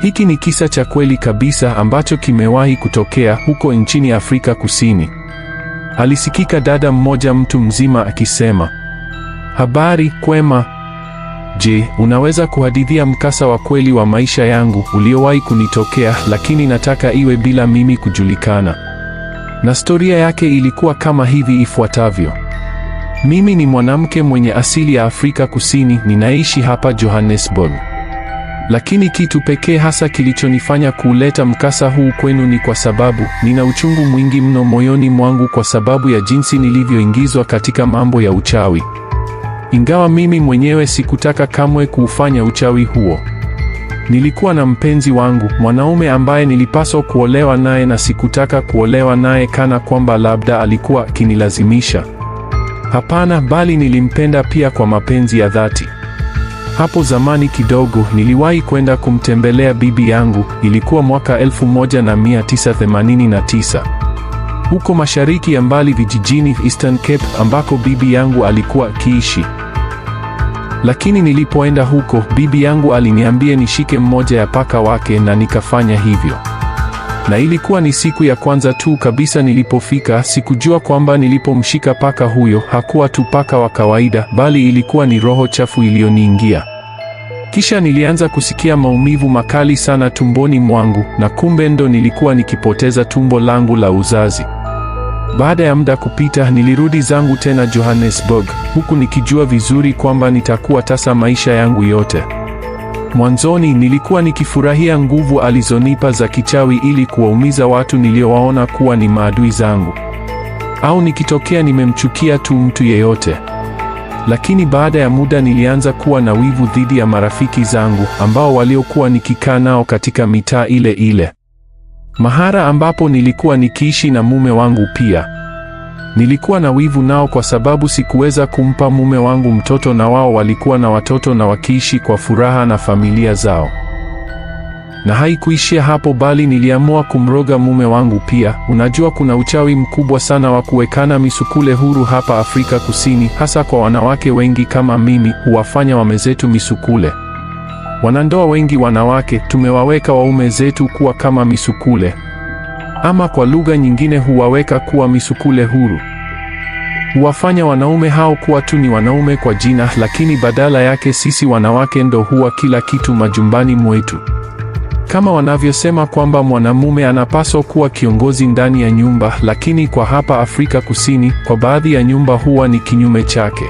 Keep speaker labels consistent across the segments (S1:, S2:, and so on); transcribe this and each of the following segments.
S1: Hiki ni kisa cha kweli kabisa ambacho kimewahi kutokea huko nchini Afrika Kusini. Alisikika dada mmoja mtu mzima akisema, habari kwema. Je, unaweza kuhadithia mkasa wa kweli wa maisha yangu uliowahi kunitokea, lakini nataka iwe bila mimi kujulikana. Na storia yake ilikuwa kama hivi ifuatavyo. Mimi ni mwanamke mwenye asili ya Afrika Kusini, ninaishi hapa Johannesburg. Lakini kitu pekee hasa kilichonifanya kuuleta mkasa huu kwenu ni kwa sababu nina uchungu mwingi mno moyoni mwangu kwa sababu ya jinsi nilivyoingizwa katika mambo ya uchawi. Ingawa mimi mwenyewe sikutaka kamwe kuufanya uchawi huo. Nilikuwa na mpenzi wangu, mwanaume ambaye nilipaswa kuolewa naye na sikutaka kuolewa naye kana kwamba labda alikuwa akinilazimisha. Hapana, bali nilimpenda pia kwa mapenzi ya dhati. Hapo zamani kidogo niliwahi kwenda kumtembelea bibi yangu, ilikuwa mwaka 1989 huko mashariki ya mbali vijijini Eastern Cape ambako bibi yangu alikuwa akiishi. Lakini nilipoenda huko, bibi yangu aliniambia nishike mmoja ya paka wake na nikafanya hivyo na ilikuwa ni siku ya kwanza tu kabisa nilipofika. Sikujua kwamba nilipomshika paka huyo hakuwa tu paka wa kawaida, bali ilikuwa ni roho chafu iliyoniingia. Kisha nilianza kusikia maumivu makali sana tumboni mwangu, na kumbe ndo nilikuwa nikipoteza tumbo langu la uzazi. Baada ya muda kupita, nilirudi zangu tena Johannesburg, huku nikijua vizuri kwamba nitakuwa tasa maisha yangu yote. Mwanzoni nilikuwa nikifurahia nguvu alizonipa za kichawi ili kuwaumiza watu niliowaona kuwa ni maadui zangu, au nikitokea nimemchukia tu mtu yeyote. Lakini baada ya muda nilianza kuwa na wivu dhidi ya marafiki zangu ambao waliokuwa nikikaa nao katika mitaa ile ile, mahara ambapo nilikuwa nikiishi na mume wangu pia. Nilikuwa na wivu nao kwa sababu sikuweza kumpa mume wangu mtoto na wao walikuwa na watoto na wakiishi kwa furaha na familia zao. Na haikuishia hapo bali niliamua kumroga mume wangu pia. Unajua kuna uchawi mkubwa sana wa kuwekana misukule huru hapa Afrika Kusini, hasa kwa wanawake wengi kama mimi, huwafanya wame zetu misukule. Wanandoa wengi wanawake tumewaweka waume zetu kuwa kama misukule ama kwa lugha nyingine huwaweka kuwa misukule huru. Huwafanya wanaume hao kuwa tu ni wanaume kwa jina, lakini badala yake sisi wanawake ndo huwa kila kitu majumbani mwetu. Kama wanavyosema kwamba mwanamume anapaswa kuwa kiongozi ndani ya nyumba, lakini kwa hapa Afrika Kusini, kwa baadhi ya nyumba huwa ni kinyume chake.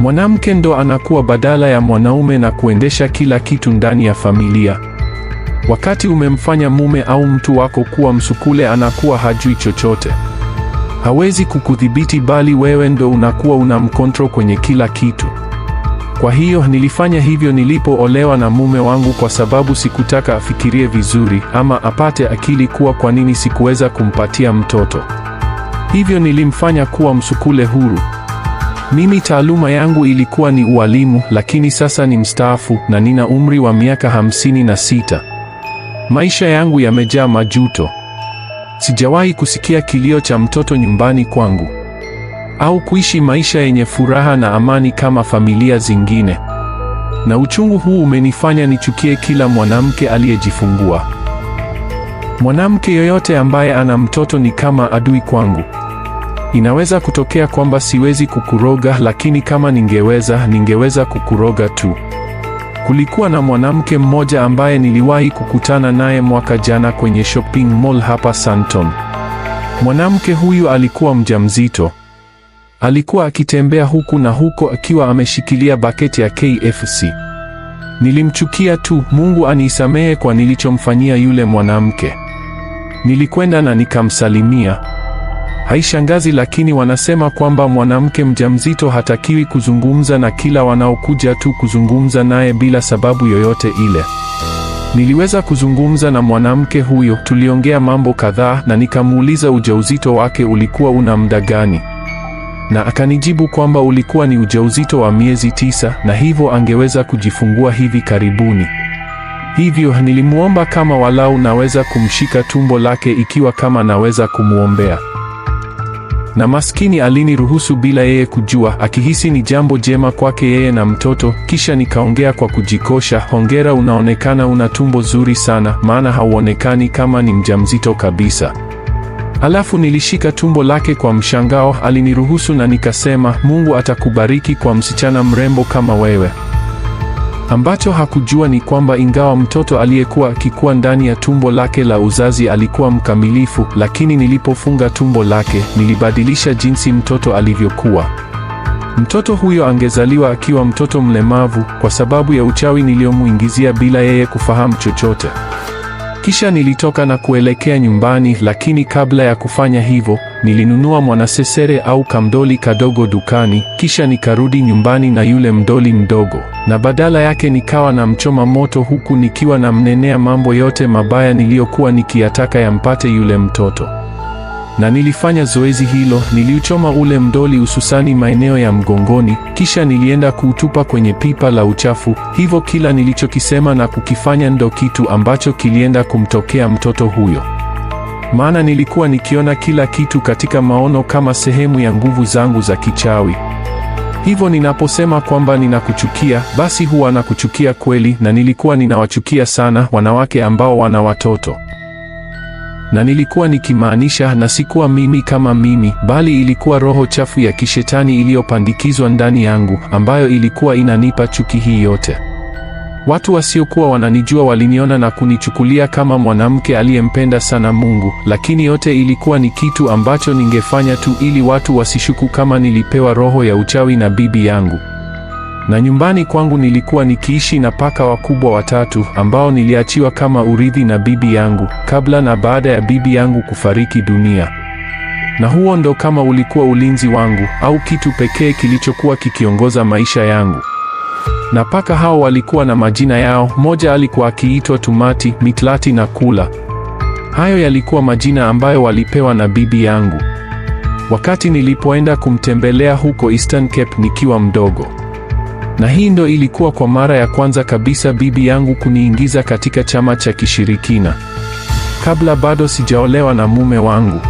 S1: Mwanamke ndo anakuwa badala ya mwanaume na kuendesha kila kitu ndani ya familia. Wakati umemfanya mume au mtu wako kuwa msukule, anakuwa hajui chochote, hawezi kukudhibiti, bali wewe ndo unakuwa unamkontrol kwenye kila kitu. Kwa hiyo nilifanya hivyo nilipoolewa na mume wangu, kwa sababu sikutaka afikirie vizuri ama apate akili kuwa kwa nini sikuweza kumpatia mtoto. Hivyo nilimfanya kuwa msukule huru. Mimi taaluma yangu ilikuwa ni ualimu, lakini sasa ni mstaafu na nina umri wa miaka hamsini na sita. Maisha yangu yamejaa majuto. Sijawahi kusikia kilio cha mtoto nyumbani kwangu au kuishi maisha yenye furaha na amani kama familia zingine. Na uchungu huu umenifanya nichukie kila mwanamke aliyejifungua. Mwanamke yoyote ambaye ana mtoto ni kama adui kwangu. Inaweza kutokea kwamba siwezi kukuroga, lakini kama ningeweza, ningeweza kukuroga tu. Kulikuwa na mwanamke mmoja ambaye niliwahi kukutana naye mwaka jana kwenye shopping mall hapa santon Mwanamke huyu alikuwa mjamzito. Alikuwa akitembea huku na huko akiwa ameshikilia baketi ya KFC. Nilimchukia tu, Mungu anisamehe kwa nilichomfanyia yule mwanamke. Nilikwenda na nikamsalimia. Haishangazi, lakini wanasema kwamba mwanamke mjamzito hatakiwi kuzungumza na kila wanaokuja tu kuzungumza naye bila sababu yoyote ile. Niliweza kuzungumza na mwanamke huyo, tuliongea mambo kadhaa, na nikamuuliza ujauzito wake ulikuwa una muda gani, na akanijibu kwamba ulikuwa ni ujauzito wa miezi tisa, na hivyo angeweza kujifungua hivi karibuni. Hivyo nilimwomba kama walau naweza kumshika tumbo lake, ikiwa kama naweza kumwombea na maskini aliniruhusu bila yeye kujua, akihisi ni jambo jema kwake yeye na mtoto. Kisha nikaongea kwa kujikosha, hongera, unaonekana una tumbo zuri sana, maana hauonekani kama ni mjamzito kabisa. Alafu nilishika tumbo lake kwa mshangao, aliniruhusu na nikasema, Mungu atakubariki kwa msichana mrembo kama wewe. Ambacho hakujua ni kwamba ingawa mtoto aliyekuwa akikuwa ndani ya tumbo lake la uzazi alikuwa mkamilifu, lakini nilipofunga tumbo lake, nilibadilisha jinsi mtoto alivyokuwa. Mtoto huyo angezaliwa akiwa mtoto mlemavu kwa sababu ya uchawi niliyomwingizia bila yeye kufahamu chochote. Kisha nilitoka na kuelekea nyumbani, lakini kabla ya kufanya hivyo, nilinunua mwanasesere au kamdoli kadogo dukani, kisha nikarudi nyumbani na yule mdoli mdogo, na badala yake nikawa na mchoma moto, huku nikiwa namnenea mambo yote mabaya niliyokuwa nikiyataka yampate yule mtoto na nilifanya zoezi hilo. Niliuchoma ule mdoli, hususani maeneo ya mgongoni, kisha nilienda kuutupa kwenye pipa la uchafu. Hivyo kila nilichokisema na kukifanya ndo kitu ambacho kilienda kumtokea mtoto huyo, maana nilikuwa nikiona kila kitu katika maono kama sehemu ya nguvu zangu za kichawi. Hivyo ninaposema kwamba ninakuchukia, basi huwa nakuchukia kweli, na nilikuwa ninawachukia sana wanawake ambao wana watoto na nilikuwa nikimaanisha, na sikuwa mimi kama mimi, bali ilikuwa roho chafu ya kishetani iliyopandikizwa ndani yangu, ambayo ilikuwa inanipa chuki hii yote. Watu wasiokuwa wananijua waliniona na kunichukulia kama mwanamke aliyempenda sana Mungu, lakini yote ilikuwa ni kitu ambacho ningefanya tu ili watu wasishuku kama nilipewa roho ya uchawi na bibi yangu. Na nyumbani kwangu nilikuwa nikiishi na paka wakubwa watatu ambao niliachiwa kama urithi na bibi yangu kabla na baada ya bibi yangu kufariki dunia. Na huo ndo kama ulikuwa ulinzi wangu au kitu pekee kilichokuwa kikiongoza maisha yangu. Na paka hao walikuwa na majina yao, mmoja alikuwa akiitwa Tumati, Mitlati na Kula. Hayo yalikuwa majina ambayo walipewa na bibi yangu wakati nilipoenda kumtembelea huko Eastern Cape nikiwa mdogo. Na hii ndo ilikuwa kwa mara ya kwanza kabisa bibi yangu kuniingiza katika chama cha kishirikina. Kabla bado sijaolewa na mume wangu.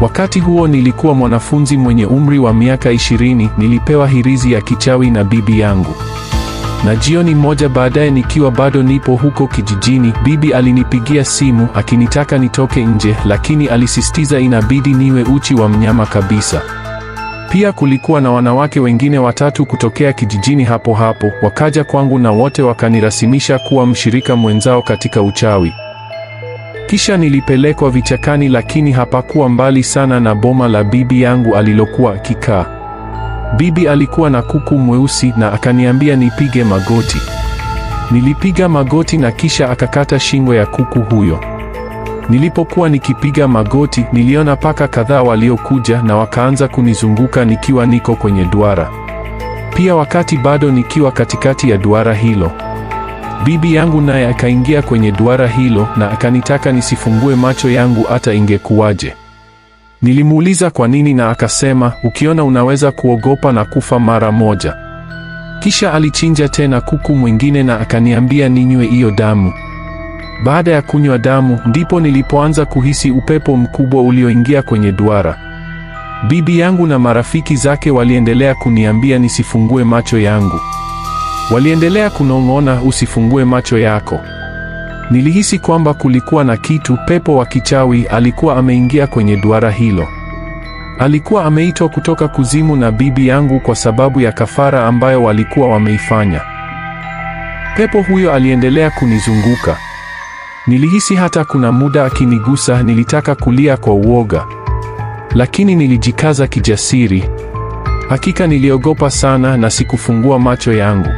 S1: Wakati huo nilikuwa mwanafunzi mwenye umri wa miaka ishirini, nilipewa hirizi ya kichawi na bibi yangu. Na jioni moja baadaye, nikiwa bado nipo huko kijijini, bibi alinipigia simu akinitaka nitoke nje, lakini alisisitiza inabidi niwe uchi wa mnyama kabisa. Pia kulikuwa na wanawake wengine watatu kutokea kijijini hapo hapo, wakaja kwangu na wote wakanirasimisha kuwa mshirika mwenzao katika uchawi. Kisha nilipelekwa vichakani, lakini hapakuwa mbali sana na boma la bibi yangu alilokuwa akikaa. Bibi alikuwa na kuku mweusi na akaniambia nipige magoti. Nilipiga magoti na kisha akakata shingo ya kuku huyo. Nilipokuwa nikipiga magoti, niliona paka kadhaa waliokuja na wakaanza kunizunguka nikiwa niko kwenye duara. Pia wakati bado nikiwa katikati ya duara hilo, bibi yangu naye akaingia kwenye duara hilo na akanitaka nisifungue macho yangu hata ingekuwaje. Nilimuuliza kwa nini na akasema, ukiona unaweza kuogopa na kufa mara moja. Kisha alichinja tena kuku mwingine na akaniambia ninywe hiyo damu. Baada ya kunywa damu, ndipo nilipoanza kuhisi upepo mkubwa ulioingia kwenye duara. Bibi yangu na marafiki zake waliendelea kuniambia nisifungue macho yangu. Waliendelea kunong'ona, usifungue macho yako. Nilihisi kwamba kulikuwa na kitu, pepo wa kichawi alikuwa ameingia kwenye duara hilo. Alikuwa ameitwa kutoka kuzimu na bibi yangu kwa sababu ya kafara ambayo walikuwa wameifanya. Pepo huyo aliendelea kunizunguka. Nilihisi hata kuna muda akinigusa, nilitaka kulia kwa uoga, lakini nilijikaza kijasiri. Hakika niliogopa sana na sikufungua macho yangu.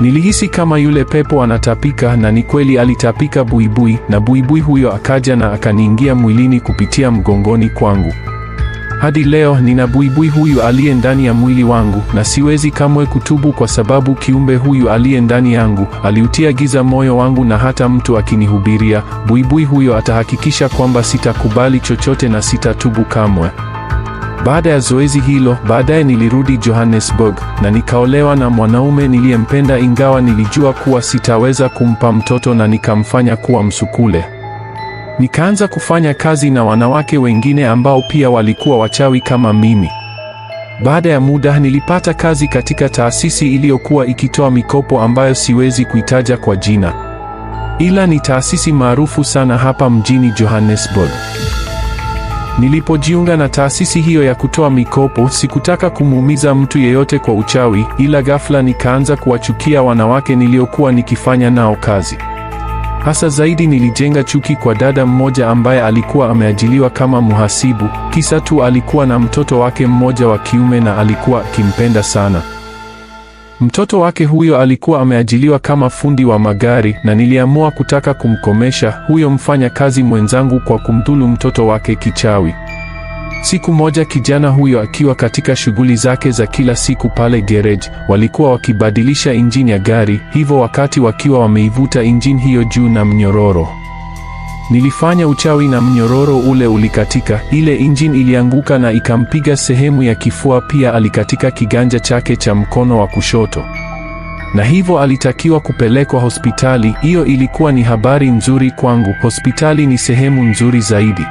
S1: Nilihisi kama yule pepo anatapika, na ni kweli alitapika buibui, na buibui huyo akaja na akaniingia mwilini kupitia mgongoni kwangu. Hadi leo nina buibui huyu aliye ndani ya mwili wangu, na siwezi kamwe kutubu, kwa sababu kiumbe huyu aliye ndani yangu aliutia giza moyo wangu, na hata mtu akinihubiria buibui huyo atahakikisha kwamba sitakubali chochote na sitatubu kamwe. Baada ya zoezi hilo, baadaye nilirudi Johannesburg na nikaolewa na mwanaume niliyempenda, ingawa nilijua kuwa sitaweza kumpa mtoto, na nikamfanya kuwa msukule. Nikaanza kufanya kazi na wanawake wengine ambao pia walikuwa wachawi kama mimi. Baada ya muda nilipata kazi katika taasisi iliyokuwa ikitoa mikopo ambayo siwezi kuitaja kwa jina. Ila ni taasisi maarufu sana hapa mjini Johannesburg. Nilipojiunga na taasisi hiyo ya kutoa mikopo, sikutaka kumuumiza mtu yeyote kwa uchawi, ila ghafla nikaanza kuwachukia wanawake niliokuwa nikifanya nao kazi. Hasa zaidi nilijenga chuki kwa dada mmoja ambaye alikuwa ameajiliwa kama muhasibu, kisa tu alikuwa na mtoto wake mmoja wa kiume na alikuwa akimpenda sana. Mtoto wake huyo alikuwa ameajiliwa kama fundi wa magari na niliamua kutaka kumkomesha huyo mfanya kazi mwenzangu kwa kumdhulu mtoto wake kichawi. Siku moja kijana huyo akiwa katika shughuli zake za kila siku pale garage, walikuwa wakibadilisha injini ya gari, hivyo wakati wakiwa wameivuta injini hiyo juu na mnyororo. Nilifanya uchawi na mnyororo ule ulikatika, ile injini ilianguka na ikampiga sehemu ya kifua, pia alikatika kiganja chake cha mkono wa kushoto na hivyo alitakiwa kupelekwa hospitali. Hiyo ilikuwa ni habari nzuri kwangu. Hospitali ni sehemu nzuri zaidi.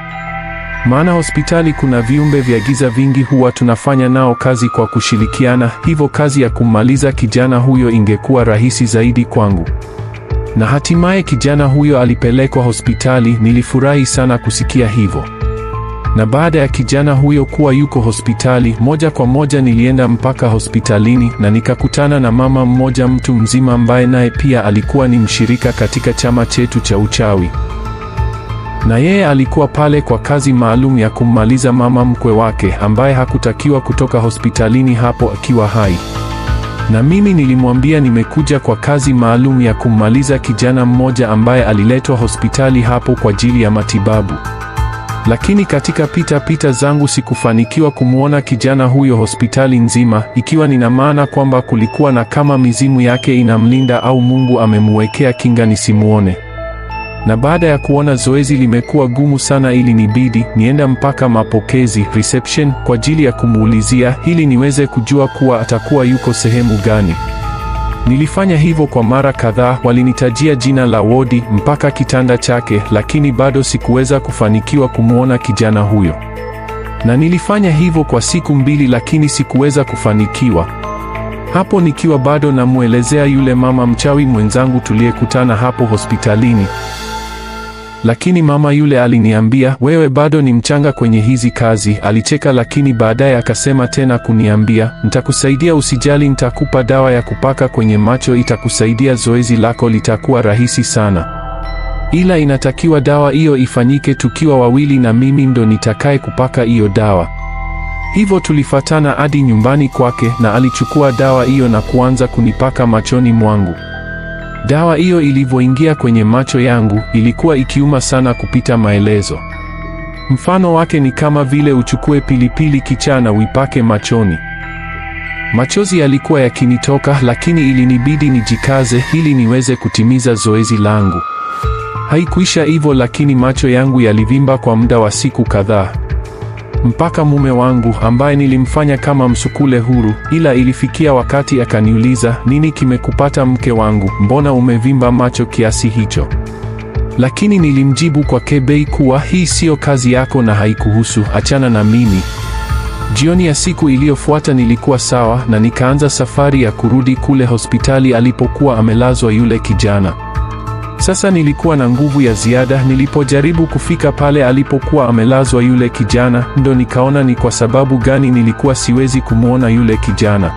S1: Maana hospitali kuna viumbe vya giza vingi, huwa tunafanya nao kazi kwa kushirikiana, hivyo kazi ya kummaliza kijana huyo ingekuwa rahisi zaidi kwangu. Na hatimaye kijana huyo alipelekwa hospitali. Nilifurahi sana kusikia hivyo. Na baada ya kijana huyo kuwa yuko hospitali, moja kwa moja nilienda mpaka hospitalini na nikakutana na mama mmoja mtu mzima ambaye naye pia alikuwa ni mshirika katika chama chetu cha uchawi na yeye alikuwa pale kwa kazi maalum ya kummaliza mama mkwe wake ambaye hakutakiwa kutoka hospitalini hapo akiwa hai. Na mimi nilimwambia nimekuja kwa kazi maalum ya kummaliza kijana mmoja ambaye aliletwa hospitali hapo kwa ajili ya matibabu. Lakini katika pita pita zangu sikufanikiwa kumwona kijana huyo hospitali nzima, ikiwa nina maana kwamba kulikuwa na kama mizimu yake inamlinda au Mungu amemwekea kinga nisimwone na baada ya kuona zoezi limekuwa gumu sana, ili nibidi nienda mpaka mapokezi reception kwa ajili ya kumuulizia ili niweze kujua kuwa atakuwa yuko sehemu gani. Nilifanya hivyo kwa mara kadhaa, walinitajia jina la wodi mpaka kitanda chake, lakini bado sikuweza kufanikiwa kumwona kijana huyo, na nilifanya hivyo kwa siku mbili, lakini sikuweza kufanikiwa. Hapo nikiwa bado namwelezea yule mama mchawi mwenzangu tuliyekutana hapo hospitalini. Lakini mama yule aliniambia, wewe bado ni mchanga kwenye hizi kazi. Alicheka, lakini baadaye akasema tena kuniambia, nitakusaidia usijali, nitakupa dawa ya kupaka kwenye macho, itakusaidia, zoezi lako litakuwa rahisi sana ila inatakiwa dawa hiyo ifanyike tukiwa wawili na mimi ndo nitakaye kupaka hiyo dawa. Hivyo tulifatana hadi nyumbani kwake na alichukua dawa hiyo na kuanza kunipaka machoni mwangu. Dawa hiyo ilivyoingia kwenye macho yangu ilikuwa ikiuma sana kupita maelezo. Mfano wake ni kama vile uchukue pilipili kichaa na uipake machoni. Machozi yalikuwa yakinitoka, lakini ilinibidi nijikaze ili niweze kutimiza zoezi langu. Haikuisha hivyo, lakini macho yangu yalivimba kwa muda wa siku kadhaa mpaka mume wangu ambaye nilimfanya kama msukule huru, ila ilifikia wakati akaniuliza, nini kimekupata mke wangu, mbona umevimba macho kiasi hicho? Lakini nilimjibu kwa kebei kuwa hii siyo kazi yako na haikuhusu, achana na mimi. Jioni ya siku iliyofuata nilikuwa sawa na nikaanza safari ya kurudi kule hospitali alipokuwa amelazwa yule kijana. Sasa nilikuwa na nguvu ya ziada. Nilipojaribu kufika pale alipokuwa amelazwa yule kijana, ndo nikaona ni kwa sababu gani nilikuwa siwezi kumwona yule kijana.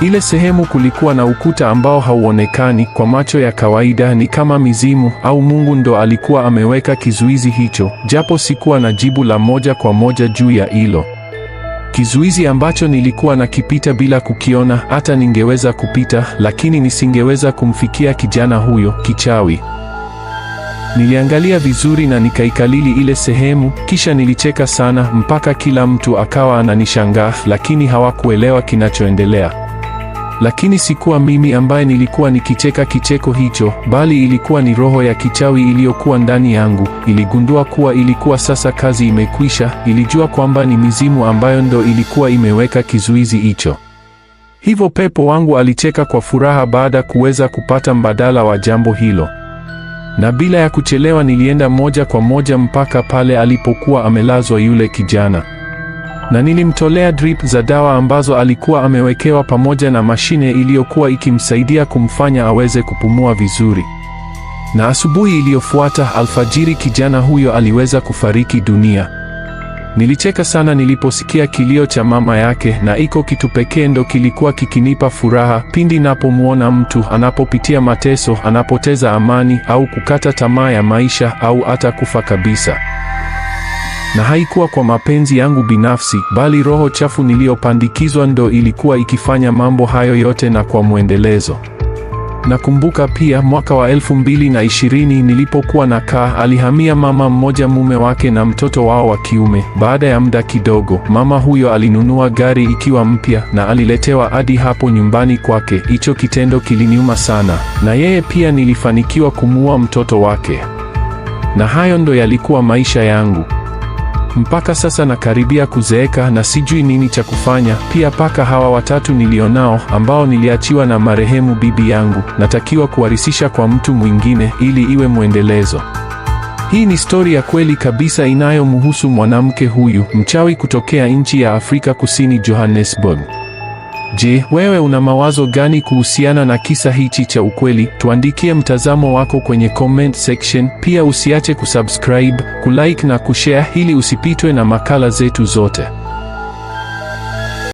S1: Ile sehemu kulikuwa na ukuta ambao hauonekani kwa macho ya kawaida, ni kama mizimu au Mungu ndo alikuwa ameweka kizuizi hicho, japo sikuwa na jibu la moja kwa moja juu ya hilo kizuizi ambacho nilikuwa nakipita bila kukiona. Hata ningeweza kupita, lakini nisingeweza kumfikia kijana huyo kichawi. Niliangalia vizuri na nikaikalili ile sehemu, kisha nilicheka sana mpaka kila mtu akawa ananishangaa, lakini hawakuelewa kinachoendelea. Lakini sikuwa mimi ambaye nilikuwa nikicheka kicheko hicho, bali ilikuwa ni roho ya kichawi iliyokuwa ndani yangu. Iligundua kuwa ilikuwa sasa kazi imekwisha, ilijua kwamba ni mizimu ambayo ndo ilikuwa imeweka kizuizi hicho. Hivyo pepo wangu alicheka kwa furaha baada kuweza kupata mbadala wa jambo hilo. Na bila ya kuchelewa nilienda moja kwa moja mpaka pale alipokuwa amelazwa yule kijana na nilimtolea drip za dawa ambazo alikuwa amewekewa pamoja na mashine iliyokuwa ikimsaidia kumfanya aweze kupumua vizuri. Na asubuhi iliyofuata alfajiri, kijana huyo aliweza kufariki dunia. Nilicheka sana niliposikia kilio cha mama yake, na iko kitu pekee ndo kilikuwa kikinipa furaha pindi napomwona mtu anapopitia mateso, anapoteza amani au kukata tamaa ya maisha au hata kufa kabisa na haikuwa kwa mapenzi yangu binafsi, bali roho chafu niliyopandikizwa ndo ilikuwa ikifanya mambo hayo yote na kwa mwendelezo. Nakumbuka pia mwaka wa elfu mbili na ishirini nilipokuwa na kaa, alihamia mama mmoja mume wake na mtoto wao wa kiume. Baada ya muda kidogo, mama huyo alinunua gari ikiwa mpya na aliletewa hadi hapo nyumbani kwake. Hicho kitendo kiliniuma sana, na yeye pia nilifanikiwa kumuua mtoto wake, na hayo ndo yalikuwa maisha yangu mpaka sasa nakaribia kuzeeka na sijui nini cha kufanya. Pia paka hawa watatu nilionao ambao niliachiwa na marehemu bibi yangu, natakiwa kuwarisisha kwa mtu mwingine ili iwe mwendelezo. Hii ni stori ya kweli kabisa inayomhusu mwanamke huyu mchawi kutokea nchi ya Afrika Kusini, Johannesburg. Je, wewe una mawazo gani kuhusiana na kisa hichi cha ukweli? Tuandikie mtazamo wako kwenye comment section. Pia usiache kusubscribe, kulike na kushare ili usipitwe na makala zetu zote.